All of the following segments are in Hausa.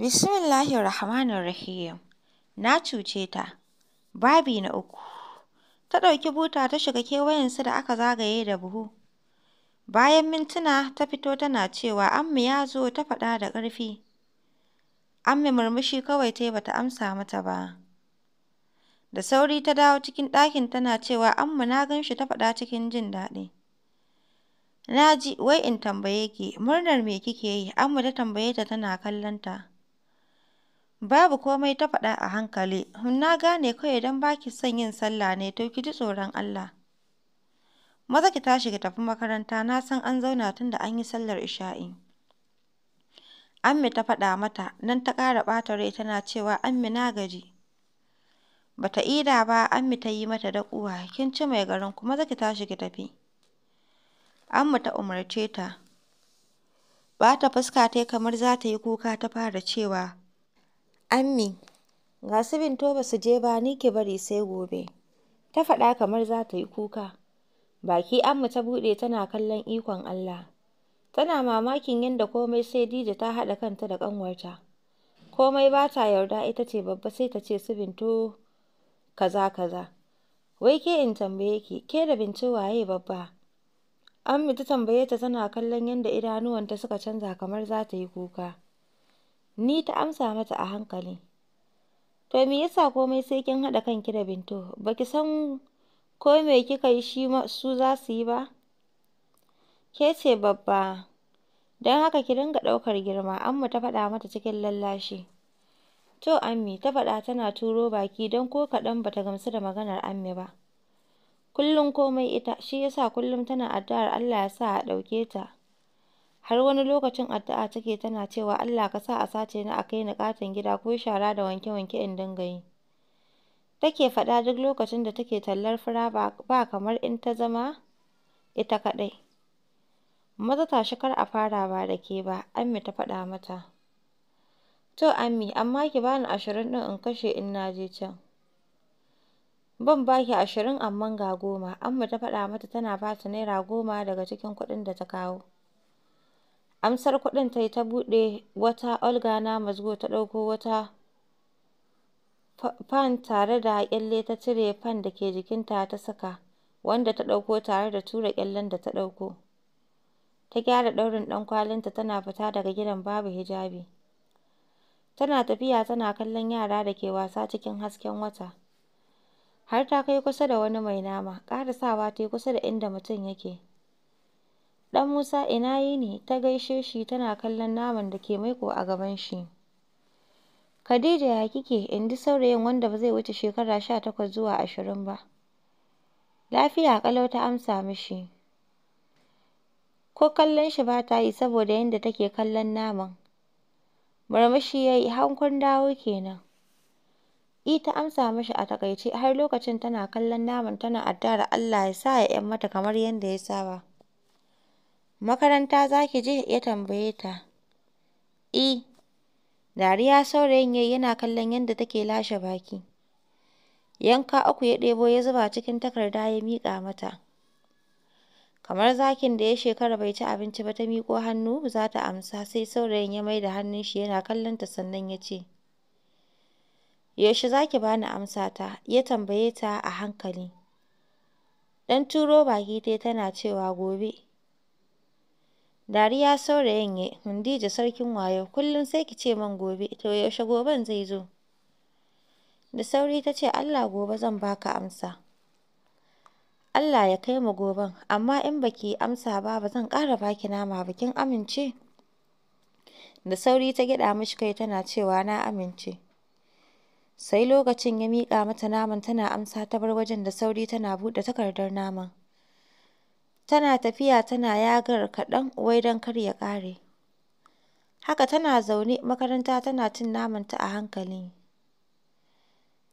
Bismillahi Rahmanu Rahim. Na cuce ta. Babi na uku. Ta ɗauki buta ta shiga kewayensu da aka zagaye da buhu. Bayan mintuna ta fito tana cewa Ammi ya zo ta faɗa da ƙarfi. Ammi murmushi kawai ta bata amsa mata ba. Da sauri ta dawo cikin ɗakin tana cewa mu na gan shi ta faɗa cikin jin daɗi. Na ji wai in tambaye ki murnar me kike yi? mu ta tambaye ta tana kallon ta. Babu komai ta faɗa a hankali, na gane kawai idan ba ki son yin sallah ne to ki ji tsoron Allah. Maza ki tashi ki tafi makaranta na san an zauna tun da an yi sallar isha'i. Ammi ta faɗa mata, nan ta ƙara ɓata rai tana cewa Ammi na gaji. Bata ida ba Ammi ta yi mata daƙuwa, kin ci mai garin kuma zaki tashi ki tafi. Ammi ta umarce ta. Bata fuska yi kamar za ta yi kuka ta fara cewa Ammi ga su Binto ba su je ba ni ki bari sai gobe, ta faɗa kamar za ta yi kuka. Baki Ammi ta buɗe tana kallon ikon Allah. Tana mamakin yadda komai sai Dija ta haɗa kanta da ƙanwarta. Komai ba ta yarda ita ce babba sai ta ce su Binto kaza kaza. Wai ke in tambaye ki, ke da Binto waye babba? Ammi ta tambaye ta tana kallon yadda idanuwanta suka canza kamar za ta yi kuka. Ni ta amsa mata a hankali. To me yasa komai sai kin haɗa kanki da Binto? Ba ki san ko me kika yi shi su za su yi ba? Ke ce babba, don haka ki dinga ɗaukar girma, Amma ta faɗa mata cikin lallashi. To Ammi ta faɗa tana turo baki don ko kaɗan ba ta gamsu da maganar Ammi ba. Kullum komai ita, shi yasa kullum tana addu'ar Allah ya sa a ɗauke ta. har wani lokacin addu'a take tana cewa “Allah ka sa a sace ni a kai ni ƙaton gida ko shara da wanke-wanke in dinga yi,” take faɗa duk lokacin da take tallar fura ba kamar in ta zama ita kaɗai. Maza tashi kar a fara ba da ke ba, Ammi ta faɗa mata. To Ami, amma ki bani ashirin ɗin in kashe in na je can. Ban ba ki ashirin amma ga goma, Amma ta faɗa mata tana ba ta naira goma daga cikin kuɗin da ta kawo. Amsar kuɗin ta yi ta buɗe wata Olga na mazgo ta ɗauko wata fan tare da ƙyalle ta cire fan da ke jikinta ta saka, wanda ta ɗauko tare da tura ƙyallen da ta ɗauko. Ta gyara ɗaurin ɗan kwalinta tana fita daga gidan babu hijabi. Tana tafiya tana kallon yara da ke wasa cikin hasken wata. Har ta kai kusa da wani mai nama, ƙarasawa ta yi kusa da inda mutum yake. ɗan Musa ina ne, ta gaishe shi tana kallon naman da ke maiko a gaban shi. Khadija ya kike, in ji saurayin wanda ba zai wuce shekara sha takwas zuwa ashirin ba. Lafiya ƙalau ta amsa mishi. Ko kallon shi ba ta yi saboda yadda take kallon naman. Murmushi ya yi, hankun dawo kenan. I ta amsa mishi a takaice har lokacin tana kallon naman tana addara Allah ya sa ya ‘yan mata kamar yadda ya saba. “Makaranta za ki je?” ya tambaye ta. E, dariya saurayin yayi yana kallon yadda take lashe baki. Yanka uku ya ɗebo ya zuba cikin takarda ya miƙa mata. Kamar zakin da ya shekara bai ci abinci ba ta miƙo hannu za ta amsa sai saurayin ya mai da hannun shi yana kallon ta sannan ya ce, “Yaushe za ki bani amsa ta? ya tambaye ta a hankali. Ɗan turo baki tai tana cewa, “Gobe.” Dariya saurayin ya yi, Hundija sarkin wayo, kullum sai ki ce min gobe, to yaushe goben zai zo? Da sauri ta ce Allah gobe zan baka amsa. Allah ya kai mu goben, amma in baki amsa ba ba zan ƙara baki nama ba amince? Da sauri ta gyaɗa mishi kai tana cewa na amince. Sai lokacin ya miƙa mata naman tana amsa ta bar wajen da sauri tana buɗe takardar naman. Tana tafiya tana yagar kaɗan wai don kar ya ƙare. Haka tana zaune makaranta tana cin namanta a hankali.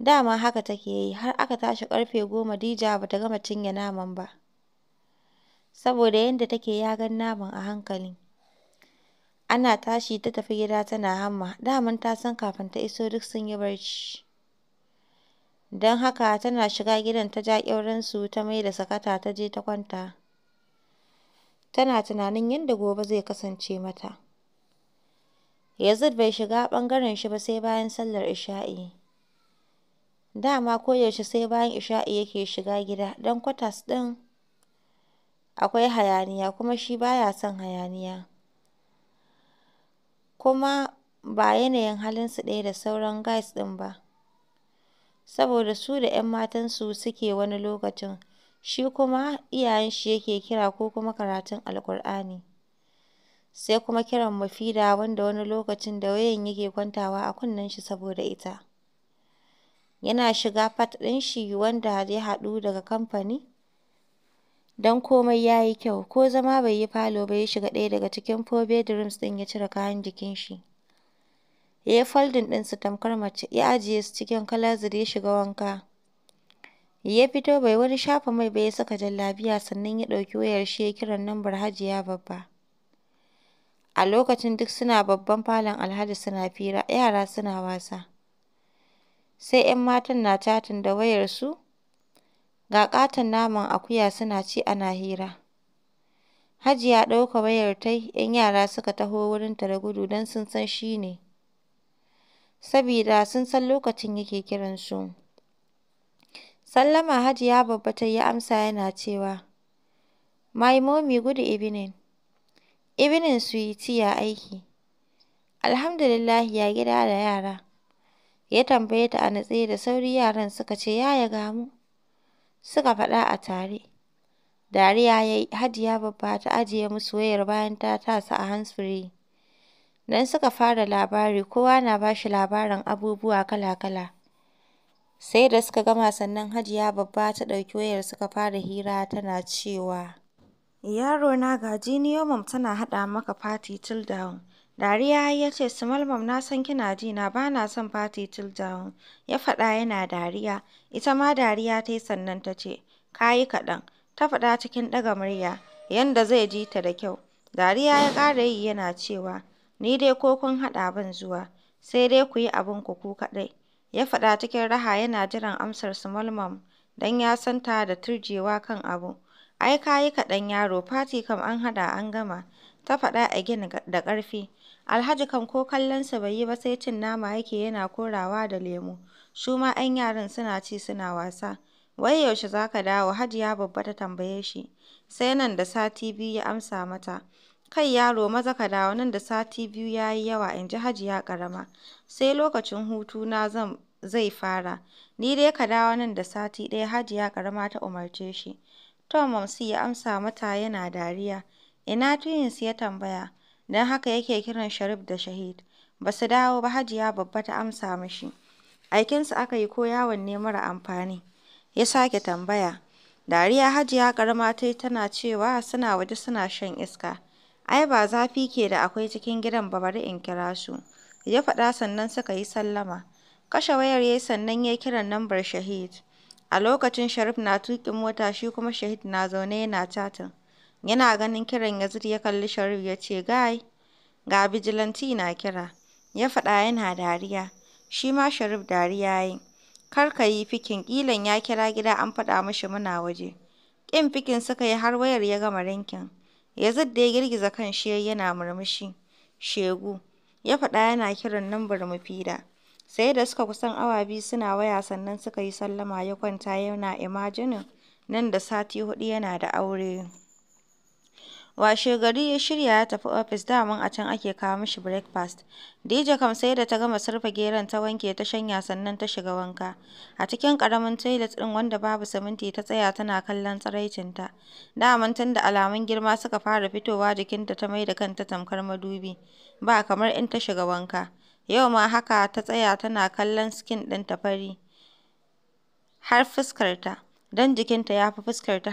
Dama haka take yi har aka tashi ƙarfe goma Dija ba ta gama cinye naman ba. Saboda yadda take yagan naman a hankali. Ana tashi ta tafi gida tana hamma, daman ta san kafin ta iso duk sun yi barci. Don haka tana shiga gidan ta ja ƙyauransu ta mai da sakata ta je ta kwanta. tana tunanin yadda gobe zai kasance mata. Yazid bai shiga ɓangaren shi ba sai bayan sallar Isha'i. Dama koyaushe sai bayan Isha'i yake shiga gida don kwatas ɗin akwai hayaniya kuma shi baya son hayaniya. Kuma ba yanayin halinsu ɗaya da sauran guys ɗin ba. Saboda su da ‘yan matansu suke wani lokacin shi kuma iyayen shi yake kira ko kuma karatun Alkur'ani. Sai kuma kiran mafida wanda wani lokacin da wayan yake kwantawa a kunnen shi saboda ita. Yana shiga fat ɗin shi wanda ya haɗu daga kamfani. Don komai ya yi kyau, ko zama bai yi falo ba ya shiga ɗaya daga cikin four bedrooms ɗin ya cire kayan jikin shi. Ya yi folding su tamkar mace, ya ajiye su cikin kalazir ya shiga wanka. Ya fito bai wani shafa mai ba ya saka jallabiya sannan ya ɗauki wayar shi ya kiran nambar Hajiya Babba. A lokacin duk suna babban falon Alhaji suna fira, yara suna wasa. Sai 'yan matan na catin da wayar su ga katon naman akuya suna ci ana hira. Hajiya ɗauka wayar ta 'yan yara suka taho wurinta da gudu don sun san shi ne. Sabida sun san lokacin yake kiransu. Sallama Hajiya Babba ta yi amsa yana cewa, My mommy good evening. Evening sweetie ya aiki. Alhamdulillah ya gida da yara. Ya tambaye ta a natse da sauri yaran suka ce ya ga mu. Suka faɗa a tare. Dariya ya yi Hajiya Babba ta ajiye musu wayar bayan ta tasa a hands dan suka fara labari kowa na bashi shi labarin abubuwa kala-kala. Sai da suka gama sannan Hajiya Babba ta ɗauki wayar suka fara hira tana cewa, Yaro "Yarona ga Junior Mum tana haɗa maka fati Till Dawn." Dariya ya ce, "Small na san kina ji na ba na son fati Till Dawn." Ya faɗa yana dariya. Ita ma dariya ta yi sannan ta ce, "Ka yi kaɗan." Ta faɗa cikin ɗaga murya, yanda zai ji ta da kyau. Dariya ya ƙara yi yana cewa, "Ni dai ko kun haɗa ban zuwa, sai dai ku yi abinku ku kaɗai." ya faɗa cikin raha yana jiran amsar Small don ya san ta da turjewa kan abu. "Ai ka yi kaɗan yaro, fati kam an haɗa an gama," ta faɗa a gin da ƙarfi. Alhaji kam ko kallonsa bai yi ba sai cin nama yake yana korawa da lemo. Su ma 'yan yaran suna ci suna wasa. "Wai yaushe za ka dawo?" Hajiya Babba ta tambaye shi. Sai nan da sati biyu ya amsa mata. Kai yaro maza ka dawo nan da sati biyu ya yi yawa, in ji hajiya ƙarama, sai lokacin hutuna zai fara, ni dai ka dawo nan da sati ɗaya hajiya ƙarama ta umarce shi. Tom Momsi ya amsa mata yana dariya, ina twins ya tambaya, don haka yake kiran Sharif da Shahid. Ba su dawo ba hajiya babba ta amsa mishi. Aikinsu aka yi ko yawon ne mara amfani? Ya sake tambaya. Dariya hajiya ƙarama ta yi tana cewa suna waje suna shan iska. Ai ba zafi ke da akwai cikin gidan ba bari in kira su, ya faɗa sannan suka yi sallama. Kashe wayar ya yi sannan ya kira kiran lambar Shahid. A lokacin Sharif na tukin mota shi kuma Shahid na zaune yana catin. Yana ganin kiran Yazid ya kalli Sharif ya ce gai ga bijilanti na kira. Ya faɗa yana dariya. Shi ma Sharif dariya yayi. yi. Kar ka yi fikin ƙilan ya kira gida an faɗa mashi muna waje. Ƙin fikin suka yi har wayar ya gama rinkin. Yazid ya girgiza kan shi yana murmushi. “Shegu,” ya faɗa yana kiran lambar mafida Sai da suka kusan awa biyu suna waya sannan suka yi sallama ya kwanta yana imajinin nan da sati hudu yana da aure. Washegari ya shirya ya tafi ofis daman a can ake kawo mishi breakfast. Dija kam sai da ta gama surfa geran ta wanke ta shanya sannan ta shiga wanka. A cikin karamin toilet din, wanda babu siminti ta tsaya tana kallon ta Daman tun da alamun girma suka fara fitowa jikinta ta maida kanta tamkar madubi. Ba kamar in ta shiga wanka. Yau ma haka ta tsaya tana kallon skin ta fari har fuskarta. don jikinta ya fi fuskarta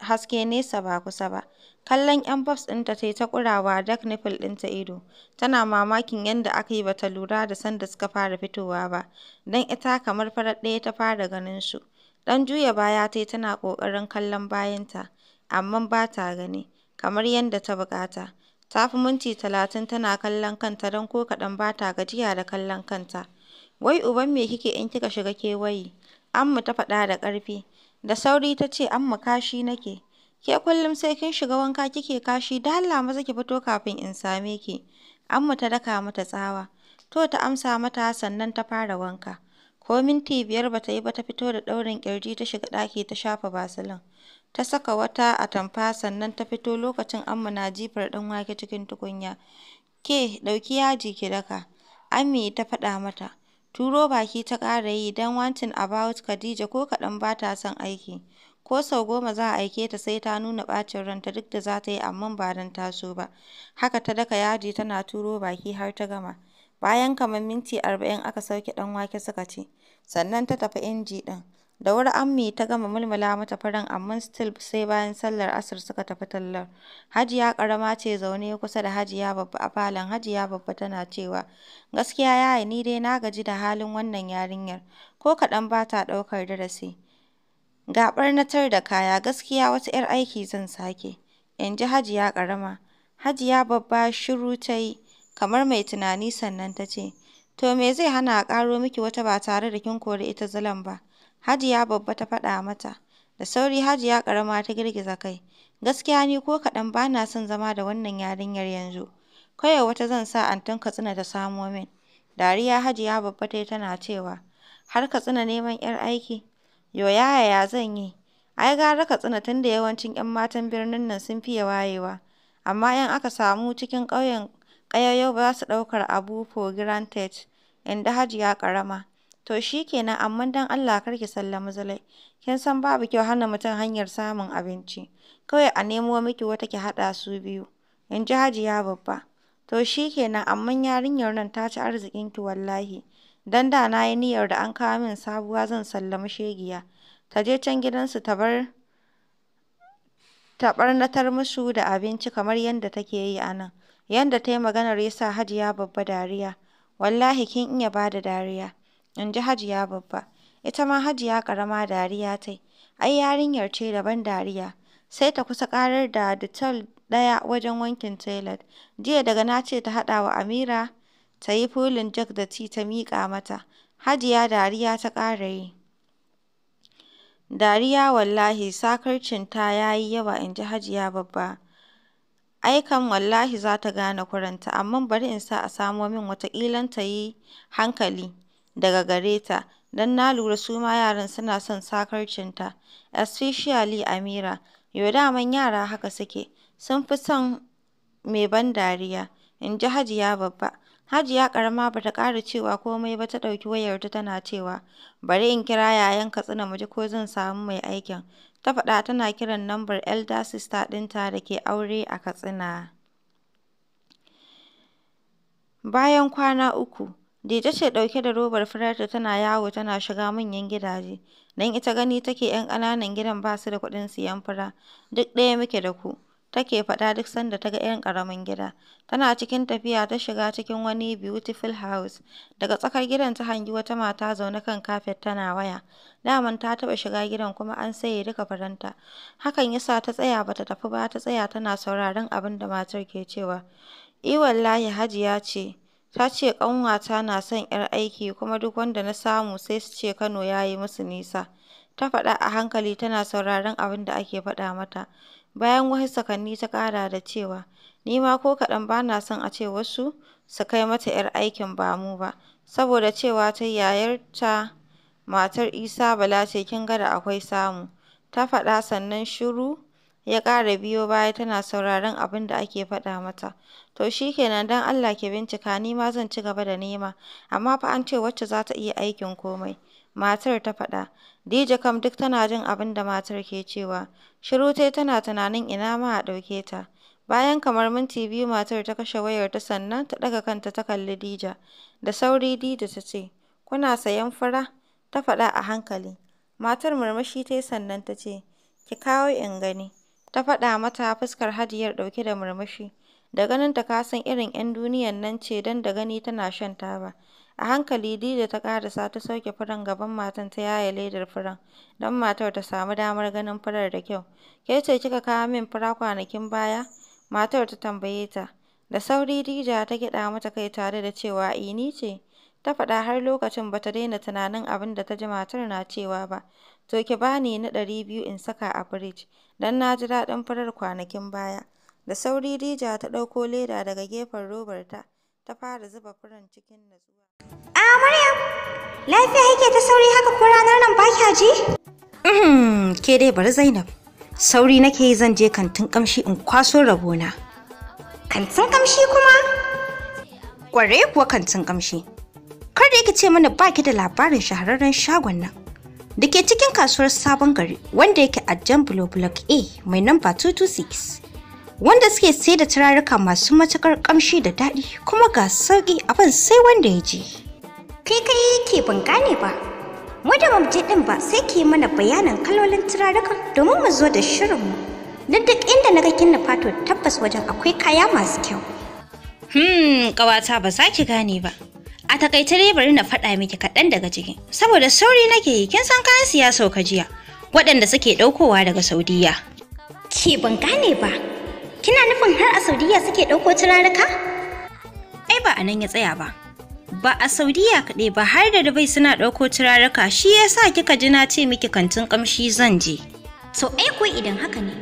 haske nesa ba kusa ba. Kallon 'yan bobs ɗinta ta yi ta ƙurawa Dark Nipple ɗinta ido, tana mamakin yadda aka yi ba ta lura da sanda suka fara fitowa ba, don ita kamar farat ɗaya ta fara ganin su. Ɗan juya baya ta yi tana ƙoƙarin kallon bayanta, amma ba ta gani, kamar yadda ta buƙata. Ta fi minti talatin tana kallon kanta don ko kaɗan ba ta gajiya da kallon kanta. Wai uban me kike in kika shiga kewaye? Ammu ta faɗa da ƙarfi. Da sauri ta ce, Ammu kashi nake. Ke kullum sai kin shiga wanka kike kashi, da Allah maza ki fito kafin in same ki. Ammu ta daka mata tsawa. To ta amsa mata sannan ta fara wanka. Ko minti biyar ba ta yi ba ta fito da ɗaurin ƙirji ta shiga ɗaki ta shafa basilin. Ta saka wata atamfa sannan ta fito lokacin Ammu na jifar ɗan wake cikin tukunya. Ke ɗauki yaji ki daka. Ammi ta faɗa mata. Turo baki ta ƙara yi don wantin about Khadija ko kaɗan ba ta son aiki, ko sau goma za a aike ta sai ta nuna ɓacin ranta duk da za ta yi amma ba don ta ba, haka ta daka yaji tana turo baki har ta gama. Bayan kamar minti arba'in aka sauke ɗan wake suka ci, sannan ta tafi inji ɗin. Da wuri ammi ta gama mulmula mata farin amma still sai bayan sallar asir suka tafi tallar. Hajiya karama ce zaune kusa da Hajiya babba a falon Hajiya babba tana cewa gaskiya yayi ni dai na gaji da halin wannan yarinyar ko kaɗan ba ta ɗaukar darasi. Ga ɓarnatar da kaya gaskiya wata 'yar aiki zan sake. In ji Hajiya karama Hajiya babba shiru ta yi kamar mai tunani sannan ta ce To me zai hana a ƙaro miki wata ba tare da kin kori ita zalan ba? Hajiya babba ta faɗa mata. Da sauri Hajiya ƙarama ta girgiza kai. Gaskiya ni ko kaɗan ba na son zama da wannan yarinyar yanzu. Kawai wata zan sa Antin Katsina ta samo min. Dariya Hajiya babba ta yi tana cewa, har Katsina neman 'yar aiki? Yo yaya ya zan yi? Ai gara Katsina da yawancin 'yan matan birnin nan sun fiye wayewa. Amma in aka samu cikin ƙauyen ƙayayyau ba za su ɗaukar abu for granted. inda Hajiya karama. To shi kenan, amma dan Allah kar ki sallami zalai Kin san babu kyau hana mutum hanyar samun abinci. Kawai a nemo miki wata ki haɗa su biyu, in ji Hajiya Babba. To shi kenan, amma yarinyar nan ta ci arzikinki wallahi. dan da na yi niyyar da an kawo min sabuwa zan sallami shegiya. Ta je can gidansu ta bar ta barnatar musu da abinci kamar yadda take yi a nan. Yadda ta yi maganar ya sa Hajiya Babba dariya. Wallahi kin iya ba da dariya, in Hajiya Babba. Ita ma Hajiya Ƙarama dariya ta Ai yarinyar ce da ban dariya. Sai ta kusa ƙarar da ditol ɗaya wajen wankin toilet. Jiya daga na ce ta haɗa wa Amira ta yi fulin jak da ti ta miƙa mata. Hajiya dariya ta ƙara yi. Dariya wallahi sakarcinta ya yi yawa, inji Hajiya Babba. Ai kam wallahi za ta gane kuranta, amma bari in sa a samo min wataƙilan ta yi hankali daga gare ta, don na lura su ma yaran suna son sakarcinta, especially Amira. da daman yara haka suke, sun fi son mai ban dariya, in ji Hajiya Babba. Hajiya karama ba ta ƙara cewa komai ba ta ɗauki wayarta tana cewa, bari in kira yayan Katsina mu ji ko zan samu mai aikin. Ta faɗa tana kiran lambar elder sister ɗinta da ke aure a Katsina. Bayan kwana uku, Dije ce ɗauke da robar da tana yawo tana shiga manyan gidaje, don ita gani take ‘yan ƙananan gidan ba su da kuɗin siyan fura, duk ɗaya muke da ku. take faɗa duk sanda ta ga 'yan ƙaramin gida. Tana cikin tafiya ta shiga cikin wani beautiful house. Daga tsakar gidan ta hangi wata mata zaune kan kafet tana waya. Daman ta taɓa shiga gidan kuma an saye duka faranta. Hakan ya sa ta tsaya bata tafi ba ta tsaya tana sauraron abin da matar ke cewa. I eh, wallahi Hajiya ce. Ta ce ƙanwata na son 'yar aiki kuma duk wanda na samu sai su ce Kano ya yi musu nisa. Ta faɗa a hankali tana sauraron abin da ake faɗa mata. Bayan wasu sakanni ta kara da cewa, "Ni ma ko kaɗan ba na son a ce wasu su kai mata 'yar aikin ba mu ba, saboda cewa ta yayar yayarta matar Isa Bala ce kin ga da akwai samu," ta faɗa sannan shiru ya ƙara biyo baya tana sauraron abin da ake faɗa mata. "To shi kenan don Allah ki bincika ni ma zan ci gaba da nema, amma fa an ce wacce za ta iya aikin komai." matar ta faɗa. Dija kam duk tana jin abin da matar ke cewa. Shiru tai tana tunanin ina ma a ɗauke ta. Bayan kamar minti biyu matar ta kashe wayar ta sannan ta ɗaga kanta ta kalli Dija. Da sauri Dija ta ce, Kuna sayan fura? Ta faɗa a hankali. Matar murmushi ta yi sannan ta ce, Ki kawo in gani. Ta faɗa mata fuskar hadiyar ɗauke da murmushi. Da ganinta ka san irin 'yan duniyan nan ce don da gani tana shan taba. A hankali Dida ta sa ta sauke furen gaban matan ta yaye ledar furen don matar ta samu damar ganin furar da kyau. "Ke ce kika kawo min fura kwanakin baya?" matar ta tambaye ta. Da sauri Dija ta gyaɗa mata kai tare da cewa, ini ni ce," ta faɗa har lokacin ba ta daina tunanin abin da ta ji matar na cewa ba. "To ki bani na ɗari biyu in saka a firij, don na ji daɗin furar kwanakin baya." Da sauri Dija ta ɗauko leda daga gefen robar ta ta fara zuba furen cikin natsuwa. A Maryam, lafiya yake ta sauri haka ko ranar nan ba kya ji? Mm-hmm, ke dai bari Zainab. Sauri nake yi zan je kantin kamshi in kwaso rabona. Kantin kamshi kuma? Kware kuwa kantin kamshi. Kar da yake ce mana ba ki da labarin shahararren shagon nan. Da ke cikin kasuwar sabon gari wanda yake a Jan Block A mai namba 226. wanda suke sai da turaruka masu matukar kamshi da daɗi kuma ga sauƙi abin sai wanda ya je. Kai kai ke ban gane ba, mu da mamje ɗin ba sai ke mana bayanin kalolin turarukan domin mu zo da shirinmu. Duk duk inda naga ga kin fato tabbas wajen akwai kaya masu kyau. Hmm, ƙawata ba za ki gane ba. A takaice dai bari na faɗa miki kaɗan daga cikin, saboda sauri nake yi kin san kayan siyasa ka jiya, waɗanda suke ɗaukowa daga Saudiya. Ke ban gane ba, Kina nufin har a Saudiya suke ɗauko turaruka? Ai ba a nan ya tsaya ba. Ba a Saudiya kaɗai ba har da Dubai suna ɗauko turaruka shi ya sa kika ji na ce miki kantin ƙamshi zan je. To ai ko idan haka ne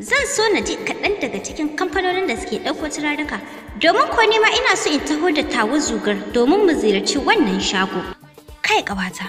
zan so na je kaɗan daga cikin kamfanonin da suke ɗauko turaruka domin ko ma ina so in taho da tawo zugar domin mu ziyarci wannan shago. Kai ƙawata,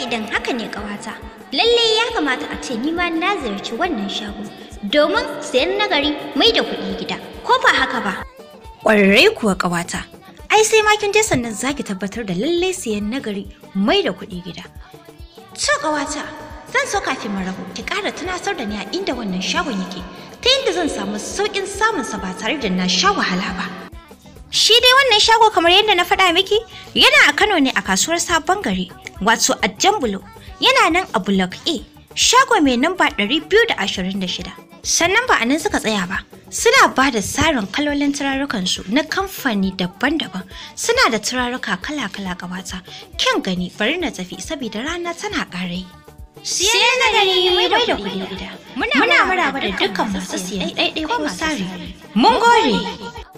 idan haka ne ƙawata. Lalle ya kamata a ce ni ma na ziyarci wannan shago domin sayan nagari mai da kuɗi gida. Ko ba haka ba? Ƙwararre kuwa ƙawata. Ai sai ma kin je sannan zaki tabbatar da lalle sayan nagari mai da kuɗi gida. To ƙawata, zan so kafin mu rabu ki ƙara tunasar da ni a inda wannan shagon yake. Ta yadda zan samu sauƙin samunsa ba tare da na sha wahala ba. Shi dai wannan shago kamar yadda na faɗa miki yana a Kano ne a kasuwar sabon gari wato a Jambulo yana nan a Block A shago mai namba 226. Sannan ba a nan suka tsaya ba. Suna ba da tsarin kalolin turarukansu na kamfani daban-daban suna da turaruka kala-kala gabata kyan gani bari na tafi saboda rana tana ƙarai. Siyan na gani da kuɗi gida. Muna da dukkan masu siyan ɗaiɗai ko Mun gore!